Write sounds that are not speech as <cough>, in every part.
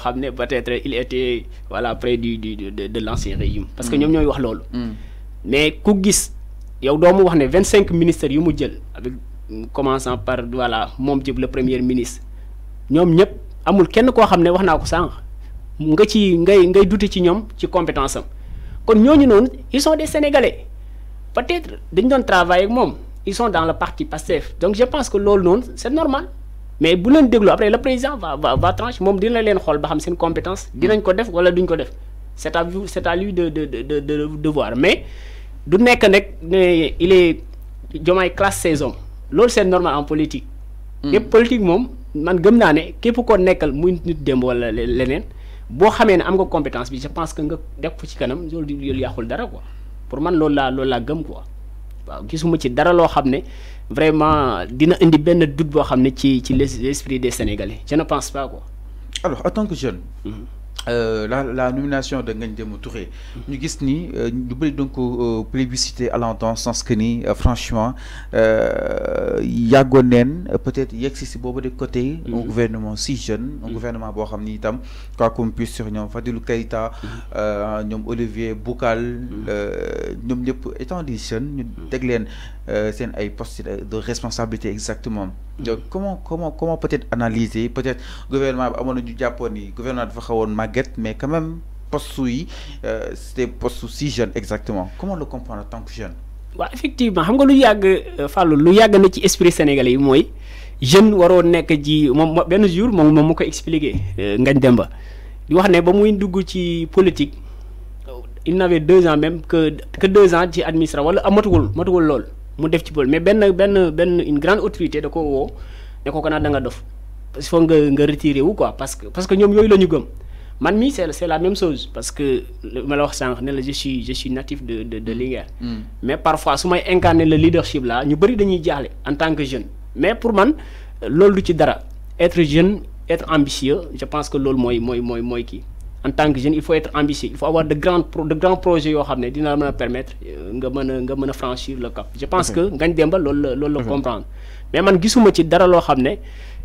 xamné peut-être il était voilà près du du de de l'ancien régime. parce que mm. ñom ñoy wax lolu mm. mais ku gis yow doomu wax né 25 ministères yu jël avec commençant par voilà mom djib le premier ministre ñom ñep amul kenn ko xamné ne wax ko sànq nga ci ngay ngay douter ci ñom ci compétence am kon ñoñu non ils sont des sénégalais peut-être dañ don travailler ak mom ils sont dans le parti passif donc je pense que lolu non c'est normal mais bu leen déglu après le président va va va trancher moom dina leen xool ba xam seen compétence dinañ ko def wala duñ ko def c' est à vous c' est à lui de de de de de voir mais du nekk nag ne il est Diomaye classe ses hommes loolu c' est normal en politique. képp hmm. politique moom man gëm naa ne képp ko nekkal muy nit démb wala leneen boo xamee ne am nga compétence bi je pense que nga def ko ci kanam loolu yàqul dara quoi pour man loolu laa loolu laa gëm quoi ci dara ne vraiment dina indi doute des Sénégalais pas alors en que jeune. Mm-hmm. Euh, la, la, nomination de Ngagne Demba Touré ñu gis ni euh, donc euh, plébiscité à sans sans que ni franchement yàggoon neen peut-être yegg si de côté un mhm. gouvernement si jeune un mhm. gouvernement qui a été itam quoi qu'on puisse sur ñoom Fadilou Keïta mhm. Olivier Boucal euh, étant des jeunes ñu avons un poste de responsabilité exactement comment comment comment peut-être analyser peut-être gouvernement du Japon, gouvernement de xawoon mais quand même, c'est euh, c'était pas si jeune exactement. Comment le comprendre en tant que jeune effectivement xam nga lu euh, fallu esprit sénégalais jeune waro nek ji jour mom expliquer euh, Demba di wax ne ba muy dugg ci politique il n'avait deux ans même que que deux ans ci administration wala amatuul matuul lol def ci mais ben ben ben une grande autorité ko quoi parce que parce que man c'est c'est la même chose parce que je suis je suis natif de de de mm. Mm. mais parfois si incarner le leadership là ñu bëri dañuy jaaxle en tant que jeune. mais pour man loolu du ci dara être jeune être ambitieux je pense que c'est ce qui est important en tant que jeune il faut être ambitieux il faut avoir de grands de grands projets yo xamné de dina le permettre nga euh, les nga mën franchir le cap. je pense que Ngagne Demba lolou lolou comprendre. mais man gisuma ci dara lo xamné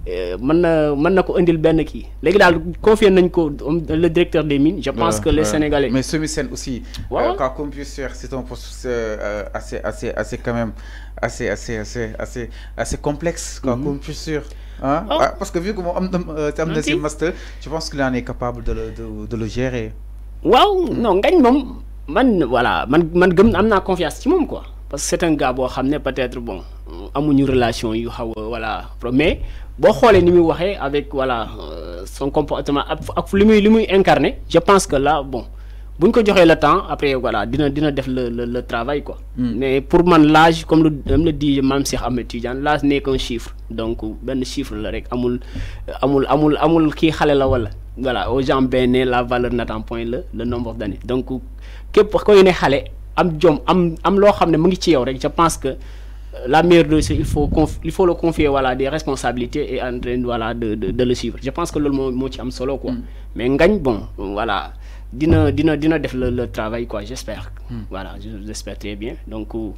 ne euh, man nako andil ben ki légui dal qui confier nañ ko euh, le directeur des mines. je pense que les sénégalais. mais Semi Sène aussi. waaw quand computer c'est un processus assez assez assez quand même assez, assez, assez, assez, assez complexe quoi, mm -hmm. comme Hein? Oh. Ah, parce que vu que mon euh, terme de okay. master, je pense qu'il en est capable de le, de, de le gérer. Waouh, non, gagne mon. Man, voilà, man, man, am na confiance ci quoi parce que c'est un gars bo xamné peut-être bon une relation yu xaw voilà mais bo xolé ni muy waxé avec voilà euh, son comportement ak limuy limuy incarné je pense que là bon buñ ko joxee le temps après voilà dina dina def le le travail quoi. Hmm. mais pour man l'âge comme comme le dit Mam Cheikh Ahmed Tidiane l'âge n'est qu'un chiffre donc benn chiffre la rek amul amul amul amul kii xale la wala voilà aux gens bien la valeur n'attend point le nombre d'années donc képp koy ne xale am jom am am loo xam ne ngi ci yow rek je pense que la meilleure de il faut, il faut le confier voilà, des responsabilités et en train voilà, de, de, de le suivre. Je pense que le mot am solo quoi. Mm. Mais gagne bon, voilà. Dina, dina, dina def le, travail quoi, j'espère. Mm. Voilà, j'espère très bien. Donc, on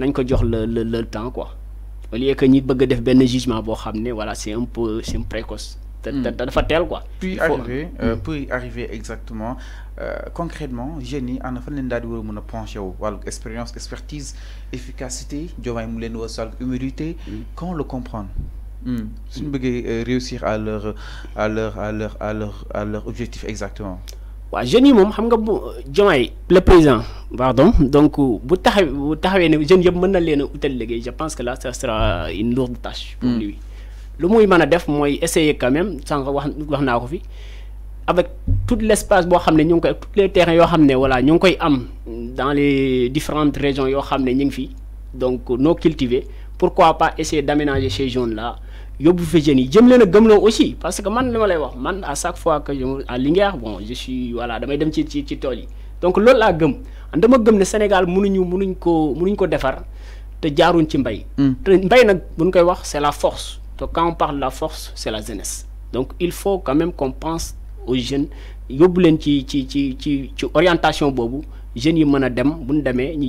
euh, ko jox le, le, le temps quoi. Au lieu que nous bëgg def ben jugement bo xamné voilà, c'est un peu c'est précoce dafa hmm. teel quoi. pour arriver euh, hmm. pour arriver exactement euh, concrètement génie en ana fan leen daal di a penché wu expérience expertise efficacité Diomaye mu leen wax wàllu humilité. Hmm. quand le comprendre. nous bëggee euh, réussir à leur à leur à leur à leur à leur objectif exactement. waaw génie yi xam nga le président pardon donc bu taxaw vous taxawee ne jeunes yëpp mën je pense que là ça sera une lourde tâche pour lui le mot mën def mooy essayer quand même sànq wax wax naa fi avec tout l'espace bo xamné xam ñu ngi koy tous les terrains yo xamné voilà ñu ngi koy am dans les différentes régions yo xamné ñing fi donc non cultiver pourquoi pas essayer d'aménager ces zones là yobou fa jëm leena a aussi parce que man li lay wax man à chaque fois que je à Linguère bon je suis voilà damay dem ci ci ci tool yi donc loolu la gëm dama gëm né Sénégal mënuñu mënuñ ko mënuñ ko défar te jaaruñ ci mbay. Hmm. mbay nag buñ koy wax c'est la force quand on parle de la force, c'est la jeunesse. Donc il faut quand même qu'on pense aux jeunes yóbbu leen ci ci ci ci orientation bobu jeunes yi meuna dem démé ñu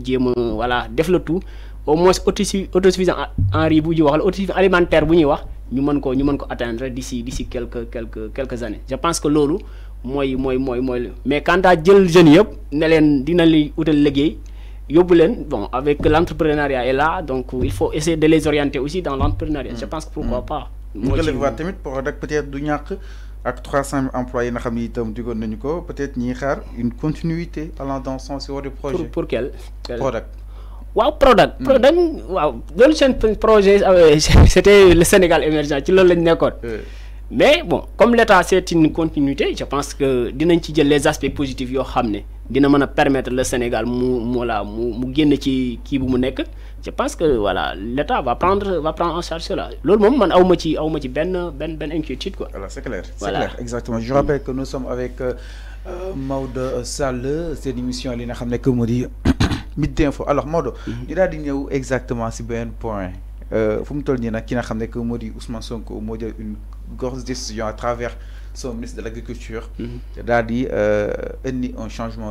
voilà def la tout au moins autosuffisant en riz bu ñuy wax la autosuffisant alimentaire bu ñuy wax ñu mën ko ñu mën ko atteindre d'ici d'ici quelques quelques quelques années je pense que lolu moy moy moy moy mais quand à jël jeunes yëpp ne leen dina li outal liggéey yóbbu bon avec l'entrepreneuriat est là donc il faut essayer de les orienter aussi dans l'entrepreneuriat je mm. pense que pourquoi mm. pas ñu voir tamit pour rek peut-être du ñàkk ak trois employés yi xam ne itam peut-être ñiy xaar une continuité allant dans le sens du projet pour quel Product. waaw product mm. product waaw loolu seen projet euh, <laughs> c'était le Sénégal émergent ci loolu lañ nekkoon euh mais bon comme l'État c'est une continuité je pense que dinañ ci jël les aspects positifs yo xamné dina mën permettre le Sénégal mu voilà mu mu ci ki bu mu je pense que voilà l'État va prendre va prendre en charge cela loolu mom man aw ci aw ci ben ben benn inquiétude quoi. voilà c'est clair c'est clair exactement je rappelle que nous sommes avec euh, euh, Maude Sall cette émission li nga xamné que moo di <coughs> Midi Info alors Maodo. Mhm. ñu daal di ñëw exactement si Ben point. Il euh, faut toll ni ki que nous Ousmane Sonko moo une grosse décision à travers son ministre de l'Agriculture. Mhm. dit qu'il di euh, indi un changement.